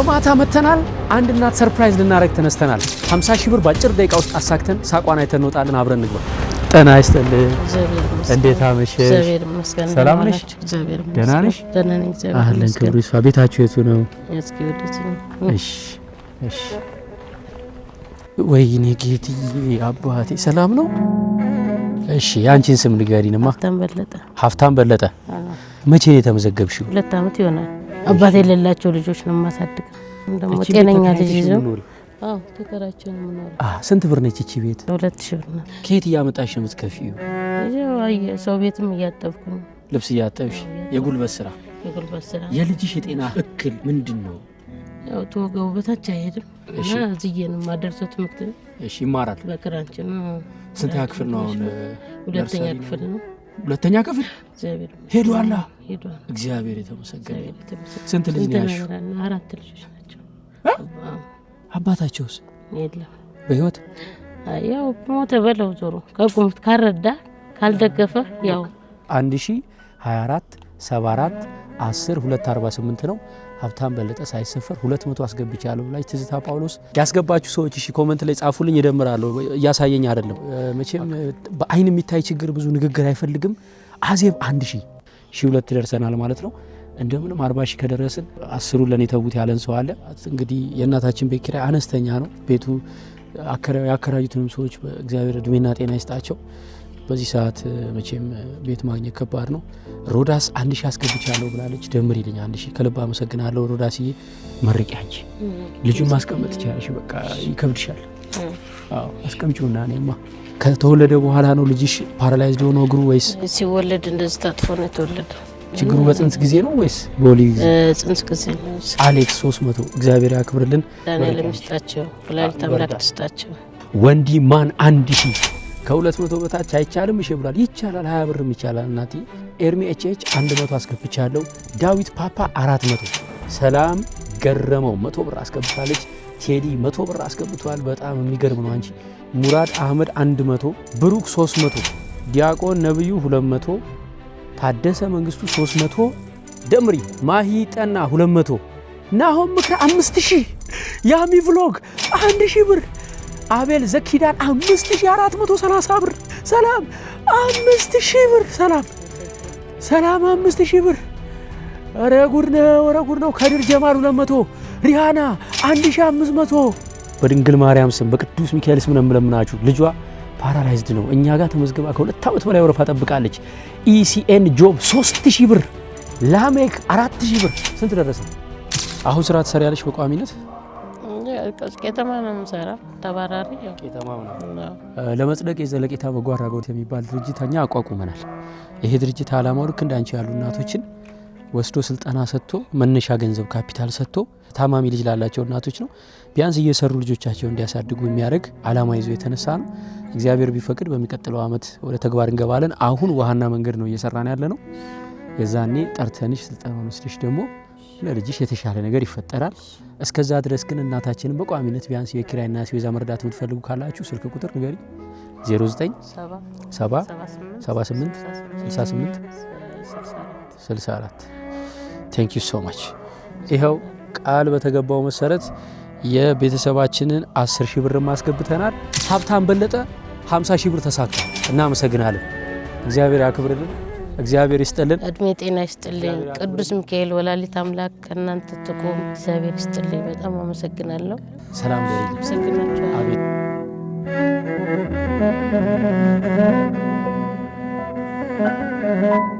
በማታ መተናል። አንድ እናት ሰርፕራይዝ ልናደርግ ተነስተናል። 50 ሺህ ብር በአጭር ደቂቃ ውስጥ አሳክተን ሳቋን አይተን እንወጣለን። አብረን እንግባ። ጤና ይስጥልኝ። እንዴት አመሸሽ? ሰላም ነሽ? ደህና ነሽ? አህለን ክብሩ ይስፋ። ቤታችሁ የቱ ነው? እሺ፣ እሺ። ወይኔ ጌትዬ አባቴ ሰላም ነው? እሺ፣ የአንቺን ስም ንገሪንማ። ሀብታም በለጠ። ሀብታም በለጠ። መቼ ነው የተመዘገብሽው? ሁለት አመት ይሆናል። አባት የሌላቸው ልጆች ነው የማሳድገው። ደግሞ ጤነኛ ልጅ ይዞ ተከራቸው ነው የምኖረው። ስንት ብር ነች እቺ ቤት? ሁለት ሺህ ብር ነው። ከየት እያመጣሽ ነው የምትከፊው? ሰው ቤትም እያጠብኩ ነው። ልብስ እያጠብሽ? የጉልበት ስራ የጉልበት ስራ። የልጅሽ የጤና እክል ምንድን ነው? ያው ተወገቡ በታች አይሄድም እና ነው ማደርሰው ትምህርት እሺ፣ ይማራል ነው። ስንተኛ ክፍል ነው አሁን? ሁለተኛ ክፍል ነው። ሁለተኛ ክፍል ሄዷላ ሄዷል። እግዚአብሔር የተመሰገነ። ስንት ልጅ ነው አራት ልጆች ናቸው። አባታቸውስ የለም በህይወት? ያው ሞተ በለው ዞሮ ከቁሙት ካረዳ ካልደገፈ ያው አንድ ሺ ሀያ አራት ሰባ አራት አስር ሁለት አርባ ስምንት ነው። ሀብታም በለጠ ሳይሰፈር ሁለት መቶ አስገብቻለሁ ብላች ትዝታ ጳውሎስ። ያስገባችሁ ሰዎች እሺ ኮመንት ላይ ጻፉልኝ፣ እደምራለሁ። እያሳየኝ አይደለም መቼም በአይን የሚታይ ችግር ብዙ ንግግር አይፈልግም። አዜብ አንድ ሺህ ሺ ሁለት ደርሰናል ማለት ነው። እንደምንም አርባ ሺ ከደረስን አስሩ ለን የተዉት ያለን ሰው አለ። እንግዲህ የእናታችን ቤት ኪራይ አነስተኛ ነው። ቤቱ ያከራዩትንም ሰዎች እግዚአብሔር እድሜና ጤና ይስጣቸው። በዚህ ሰዓት መቼም ቤት ማግኘት ከባድ ነው። ሮዳስ አንድ ሺህ አስገብቻለሁ ብላለች። ደምር ይልኝ አንድ ሺ ከልብ አመሰግናለሁ ሮዳስዬ። መርቂ አንቺ ልጁን ማስቀመጥ ትችላለሽ። በቃ ይከብድሻል። አስቀምጪውና እኔማ ከተወለደ በኋላ ነው ልጅሽ ፓራላይዝድ የሆነው እግሩ? ወይስ ሲወለድ እንደዚህ ታጥፎ ነው የተወለደ? ችግሩ በጽንስ ጊዜ ነው ወይስ በወሊድ ጊዜ? ጽንስ ጊዜ ነው። አሌክስ 300 እግዚአብሔር ያክብርልን። ዳንኤል ምስጣቸው፣ ፍላል አምላክ ትስጣቸው። ወንዲ ማን አንድ ሺህ ከሁለት መቶ በታች አይቻልም። እሺ ብሏል። ይቻላል፣ ሀያ ብርም ይቻላል። እናቴ ኤርሚ ኤች ኤች አንድ መቶ አስገብቻለሁ። ዳዊት ፓፓ አራት መቶ ሰላም ገረመው መቶ ብር አስገብታለች። ቴዲ መቶ ብር አስገብቷል በጣም የሚገርም ነው። አንቺ ሙራድ አህመድ 100፣ ብሩክ 300፣ ዲያቆን ነብዩ 200፣ ታደሰ መንግስቱ 300፣ ደምሪ ማሂ ጠና 200፣ ናሆም ምክረ 5000፣ ያሚ ቭሎግ 1000 ብር፣ አቤል ዘኪዳን 5430 ብር፣ ሰላም 5000 ብር፣ ሰላም ሰላም 5000 ብር። ኧረ ጉድ ነው! ኧረ ነው! ከድር ጀማል 200፣ ሪሃና አንድ ሺህ አምስት መቶ በድንግል ማርያም ስም በቅዱስ ሚካኤል ስም ነው የምለምናችሁ። ልጇ ፓራላይዝድ ነው። እኛ ጋር ተመዝግባ ከሁለት ዓመት በላይ ወረፋ ጠብቃለች። ኢሲኤን ጆብ 3000 ብር፣ ላሜክ 4000 ብር። ስንት ደረሰ? አሁን ስራ ትሰሪያለሽ በቋሚነት? ቄተማ ነው የምሰራ። ተባራሪ ለመጽደቅ የዘለቄታ በጎ አድራጎት የሚባል ድርጅት እኛ አቋቁመናል። ይሄ ድርጅት አላማው ልክ እንዳንቺ ያሉ እናቶችን ወስዶ ስልጠና ሰጥቶ መነሻ ገንዘብ ካፒታል ሰጥቶ ታማሚ ልጅ ላላቸው እናቶች ነው። ቢያንስ እየሰሩ ልጆቻቸው እንዲያሳድጉ የሚያደርግ አላማ ይዞ የተነሳ ነው። እግዚአብሔር ቢፈቅድ በሚቀጥለው ዓመት ወደ ተግባር እንገባለን። አሁን ውሃና መንገድ ነው እየሰራን ያለ ነው። የዛኔ ጠርተንሽ ስልጠና ወስደሽ ደግሞ ለልጅሽ የተሻለ ነገር ይፈጠራል። እስከዛ ድረስ ግን እናታችንን በቋሚነት ቢያንስ የኪራይና ሲወዛ መርዳት የምትፈልጉ ካላችሁ ስልክ ቁጥር ንገሪ 09 7 78 68 64 ቴንክ ዩ ሶ ማች። ይኸው ቃል በተገባው መሰረት የቤተሰባችንን 10 ሺህ ብር ማስገብተናል። ሀብታም በለጠ 50 ሺህ ብር ተሳክቷል። እናመሰግናለን። እግዚአብሔር ያክብርልን። እግዚአብሔር ይስጥልን፣ እድሜ ጤና ይስጥልኝ። ቅዱስ ሚካኤል ወላሊት አምላክ ከእናንተ ትቁም። እግዚአብሔር ይስጥልኝ። በጣም አመሰግናለሁ። ሰላም Thank you.